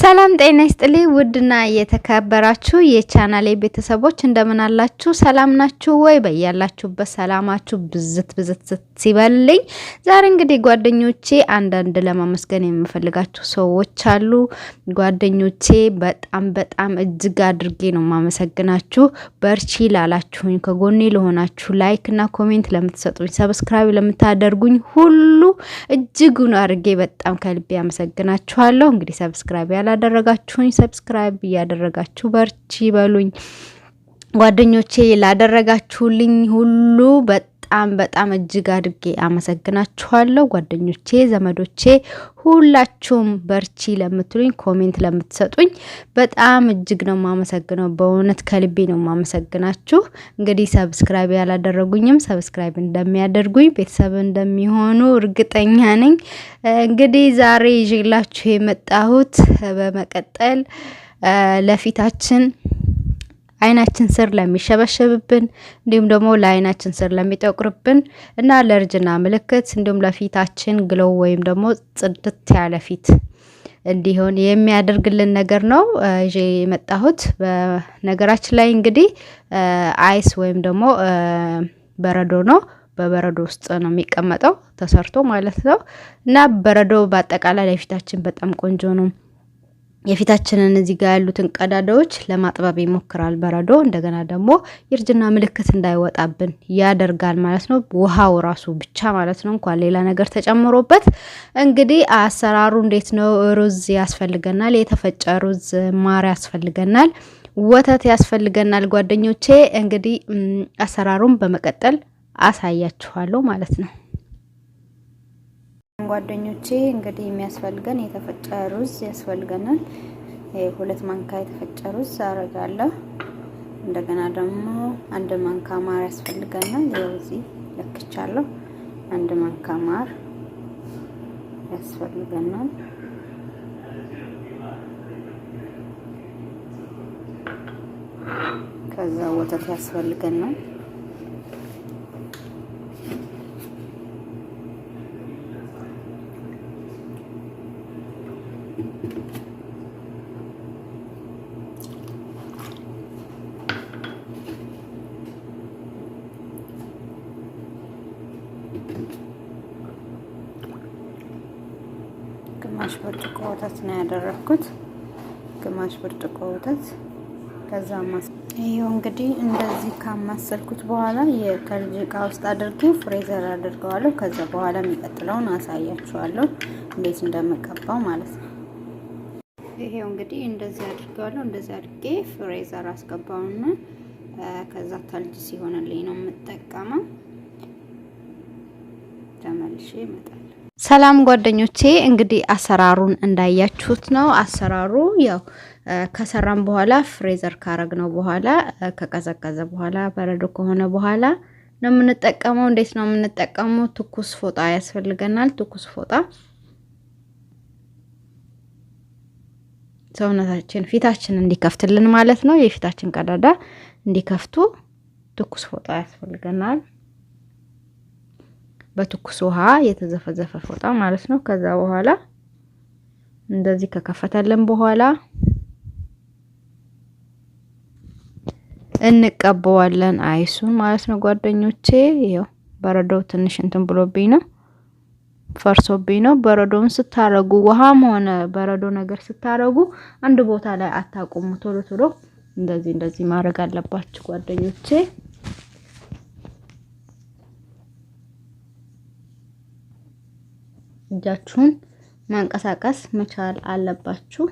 ሰላም ጤና ይስጥልኝ። ውድና የተከበራችሁ የቻናሌ ቤተሰቦች እንደምን አላችሁ? ሰላም ናችሁ ወይ? በያላችሁበት ሰላማችሁ ብዝት ብዝት ሲበልኝ። ዛሬ እንግዲህ ጓደኞቼ አንዳንድ ለማመስገን የምፈልጋችሁ ሰዎች አሉ። ጓደኞቼ በጣም በጣም እጅግ አድርጌ ነው ማመሰግናችሁ። በርቺ ላላችሁኝ፣ ከጎኔ ለሆናችሁ፣ ላይክ እና ኮሜንት ለምትሰጡኝ፣ ሰብስክራይብ ለምታደርጉኝ ሁሉ እጅጉን አድርጌ በጣም ከልቤ ያመሰግናችኋለሁ። እንግዲህ ሰብስክራይብ ያላደረጋችሁኝ ሰብስክራይብ እያደረጋችሁ በርቺ በሉኝ። ጓደኞቼ ላደረጋችሁልኝ ሁሉ በጣም በጣም እጅግ አድርጌ አመሰግናችኋለሁ ጓደኞቼ፣ ዘመዶቼ ሁላችሁም በርቺ ለምትሉኝ ኮሜንት ለምትሰጡኝ በጣም እጅግ ነው የማመሰግነው። በእውነት ከልቤ ነው የማመሰግናችሁ። እንግዲህ ሰብስክራይብ ያላደረጉኝም ሰብስክራይብ እንደሚያደርጉኝ ቤተሰብ እንደሚሆኑ እርግጠኛ ነኝ። እንግዲህ ዛሬ ይዤላችሁ የመጣሁት በመቀጠል ለፊታችን አይናችን ስር ለሚሸበሸብብን እንዲሁም ደግሞ ለአይናችን ስር ለሚጠቁርብን እና ለእርጅና ምልክት እንዲሁም ለፊታችን ግለው ወይም ደግሞ ጽድት ያለ ፊት እንዲሆን የሚያደርግልን ነገር ነው ይዤ የመጣሁት። በነገራችን ላይ እንግዲህ አይስ ወይም ደግሞ በረዶ ነው። በበረዶ ውስጥ ነው የሚቀመጠው ተሰርቶ ማለት ነው። እና በረዶ በአጠቃላይ ለፊታችን በጣም ቆንጆ ነው። የፊታችንን እዚህ ጋር ያሉትን ቀዳዳዎች ለማጥበብ ይሞክራል። በረዶ እንደገና ደግሞ የእርጅና ምልክት እንዳይወጣብን ያደርጋል ማለት ነው። ውሃው ራሱ ብቻ ማለት ነው፣ እንኳን ሌላ ነገር ተጨምሮበት። እንግዲህ አሰራሩ እንዴት ነው? ሩዝ ያስፈልገናል፣ የተፈጨ ሩዝ፣ ማር ያስፈልገናል፣ ወተት ያስፈልገናል። ጓደኞቼ እንግዲህ አሰራሩን በመቀጠል አሳያችኋለሁ ማለት ነው። ጓደኞቼ እንግዲህ የሚያስፈልገን የተፈጨ ሩዝ ያስፈልገናል። ሁለት ማንካ የተፈጨ ሩዝ አረጋለሁ። እንደገና ደግሞ አንድ ማንካ ማር ያስፈልገናል። ይኸው እዚህ ለክቻለሁ። አንድ ማንካ ማር ያስፈልገናል። ከዛ ወተት ያስፈልገናል። ግማሽ ብርጭቆ ወተት ነው ያደረኩት። ግማሽ ብርጭቆ ወተት ከዛ ማስ ይሄው እንግዲህ እንደዚህ ካማሰልኩት በኋላ የከልጅ እቃ ውስጥ አድርጌ ፍሬዘር አድርገዋለሁ። ከዛ በኋላ የሚቀጥለውን አሳያችኋለሁ እንዴት እንደመቀባው ማለት ነው። ይሄው እንግዲህ እንደዚህ አድርገዋለሁ። እንደዚህ አድርጌ ፍሬዘር አስገባውና ከዛ ከልጅ ሲሆንልኝ ነው የምጠቀመው። ተመልሼ ይመጣል። ሰላም ጓደኞቼ እንግዲህ አሰራሩን እንዳያችሁት ነው። አሰራሩ ያው ከሰራም በኋላ ፍሬዘር ካረግ ነው በኋላ ከቀዘቀዘ በኋላ በረዶ ከሆነ በኋላ ነው የምንጠቀመው። እንዴት ነው የምንጠቀመው? ትኩስ ፎጣ ያስፈልገናል። ትኩስ ፎጣ ሰውነታችን ፊታችን እንዲከፍትልን ማለት ነው። የፊታችን ቀዳዳ እንዲከፍቱ ትኩስ ፎጣ ያስፈልገናል። በትኩስ ውሃ የተዘፈዘፈ ፎጣ ማለት ነው። ከዛ በኋላ እንደዚህ ከከፈተልን በኋላ እንቀበዋለን አይሱን ማለት ነው ጓደኞቼ። ይኸው በረዶው ትንሽ እንትን ብሎብኝ ነው ፈርሶብኝ ነው። በረዶውን ስታረጉ ውሃም ሆነ በረዶ ነገር ስታረጉ አንድ ቦታ ላይ አታቁሙ። ቶሎ ቶሎ እንደዚህ እንደዚህ ማድረግ አለባችሁ ጓደኞቼ። እጃችሁን ማንቀሳቀስ መቻል አለባችሁ።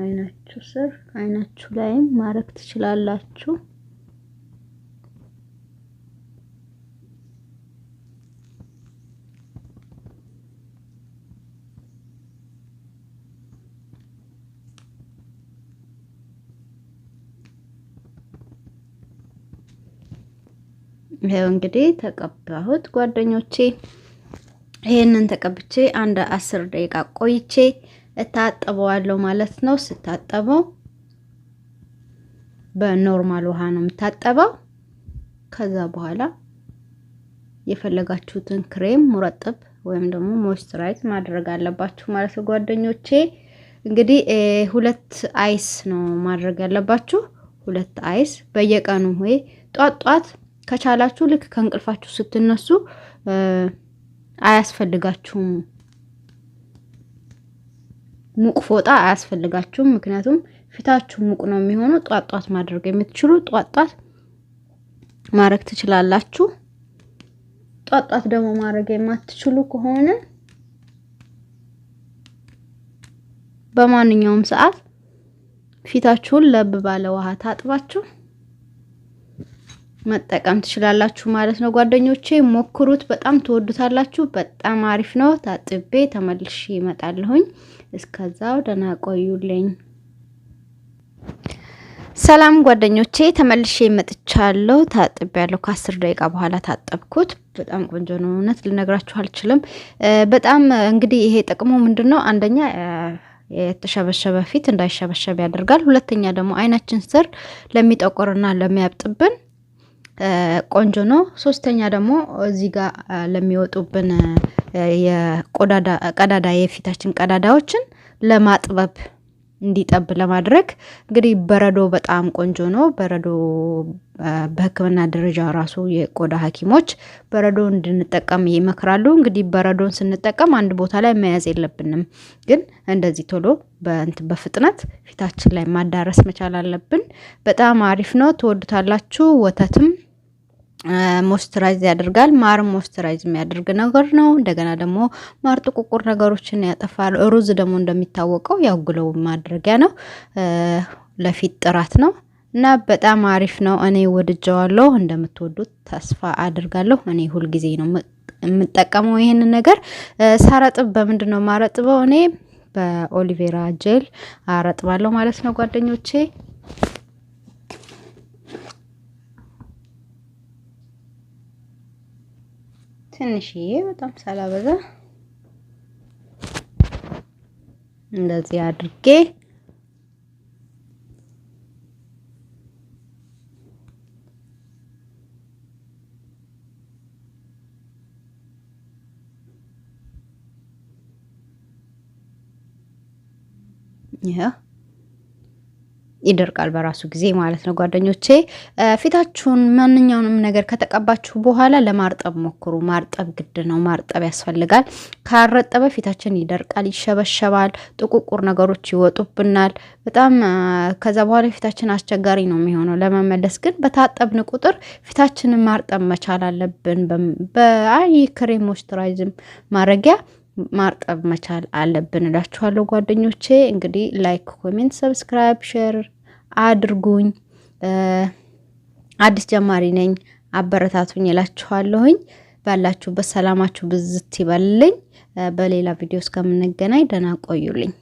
አይናችሁ ስር አይናችሁ ላይም ማረክ ትችላላችሁ። ይሄው እንግዲህ ተቀባሁት ጓደኞቼ። ይሄንን ተቀብቼ አንድ አስር ደቂቃ ቆይቼ እታጠበዋለሁ ማለት ነው። ስታጠበው በኖርማል ውሃ ነው የምታጠበው። ከዛ በኋላ የፈለጋችሁትን ክሬም ሙረጥብ ወይም ደግሞ ሞይስቸራይዝ ማድረግ አለባችሁ ማለት ነው። ጓደኞቼ እንግዲህ ሁለት አይስ ነው ማድረግ ያለባችሁ። ሁለት አይስ በየቀኑ ወይ ጧት ጧት ከቻላችሁ ልክ ከእንቅልፋችሁ ስትነሱ አያስፈልጋችሁም። ሙቅ ፎጣ አያስፈልጋችሁም። ምክንያቱም ፊታችሁ ሙቅ ነው የሚሆነው። ጧት ጧት ማድረግ የምትችሉ ጧት ጧት ማድረግ ትችላላችሁ። ጧት ጧት ደግሞ ማድረግ የማትችሉ ከሆነ በማንኛውም ሰዓት ፊታችሁን ለብ ባለ ውሃ ታጥባችሁ መጠቀም ትችላላችሁ ማለት ነው ጓደኞቼ። ሞክሩት፣ በጣም ትወዱታላችሁ። በጣም አሪፍ ነው። ታጥቤ ተመልሼ እመጣለሁኝ። እስከዛው ደህና ቆዩልኝ። ሰላም ጓደኞቼ፣ ተመልሼ መጥቻለሁ። ታጥቤ ያለሁ ከአስር ደቂቃ በኋላ ታጠብኩት። በጣም ቆንጆ ነው። እውነት ልነግራችሁ አልችልም። በጣም እንግዲህ ይሄ ጥቅሙ ምንድን ነው? አንደኛ የተሸበሸበ ፊት እንዳይሸበሸብ ያደርጋል። ሁለተኛ ደግሞ አይናችን ስር ለሚጠቁርና ለሚያብጥብን ቆንጆ ነው። ሶስተኛ ደግሞ እዚህ ጋር ለሚወጡብን ቀዳዳ የፊታችን ቀዳዳዎችን ለማጥበብ እንዲጠብ ለማድረግ እንግዲህ በረዶ በጣም ቆንጆ ነው። በረዶ በሕክምና ደረጃ ራሱ የቆዳ ሐኪሞች በረዶ እንድንጠቀም ይመክራሉ። እንግዲህ በረዶን ስንጠቀም አንድ ቦታ ላይ መያዝ የለብንም፣ ግን እንደዚህ ቶሎ በፍጥነት ፊታችን ላይ ማዳረስ መቻል አለብን። በጣም አሪፍ ነው። ትወዱታላችሁ። ወተትም ሞስቸራይዝ ያደርጋል። ማር ሞስቸራይዝ የሚያደርግ ነገር ነው። እንደገና ደግሞ ማር ጥቁቁር ነገሮችን ያጠፋል። ሩዝ ደግሞ እንደሚታወቀው ያው ግሎው ማድረጊያ ነው፣ ለፊት ጥራት ነው እና በጣም አሪፍ ነው። እኔ ወድጀዋለሁ። እንደምትወዱት ተስፋ አድርጋለሁ። እኔ ሁልጊዜ ነው የምጠቀመው ይህንን ነገር። ሳረጥብ በምንድን ነው ማረጥበው? እኔ በኦሊቬራ ጄል አረጥባለሁ ማለት ነው ጓደኞቼ ትንሽዬ በጣም ሳላበዛ እንደዚህ አድርጌ ይሄ ይደርቃል በራሱ ጊዜ ማለት ነው። ጓደኞቼ ፊታችሁን ማንኛውንም ነገር ከተቀባችሁ በኋላ ለማርጠብ ሞክሩ። ማርጠብ ግድ ነው፣ ማርጠብ ያስፈልጋል። ካረጠበ ፊታችን ይደርቃል፣ ይሸበሸባል፣ ጥቁቁር ነገሮች ይወጡብናል በጣም ከዛ በኋላ ፊታችን አስቸጋሪ ነው የሚሆነው ለመመለስ። ግን በታጠብን ቁጥር ፊታችንን ማርጠብ መቻል አለብን። በአይ ክሬም ሞይስቸራይዝም ማድረጊያ ማርጠብ መቻል አለብን እላችኋለሁ ጓደኞቼ። እንግዲህ ላይክ፣ ኮሜንት፣ ሰብስክራይብ፣ ሼር አድርጉኝ። አዲስ ጀማሪ ነኝ፣ አበረታቱኝ እላችኋለሁኝ። ባላችሁበት ሰላማችሁ ብዝት ይበልልኝ። በሌላ ቪዲዮ እስከምንገናኝ ደህና ቆዩልኝ።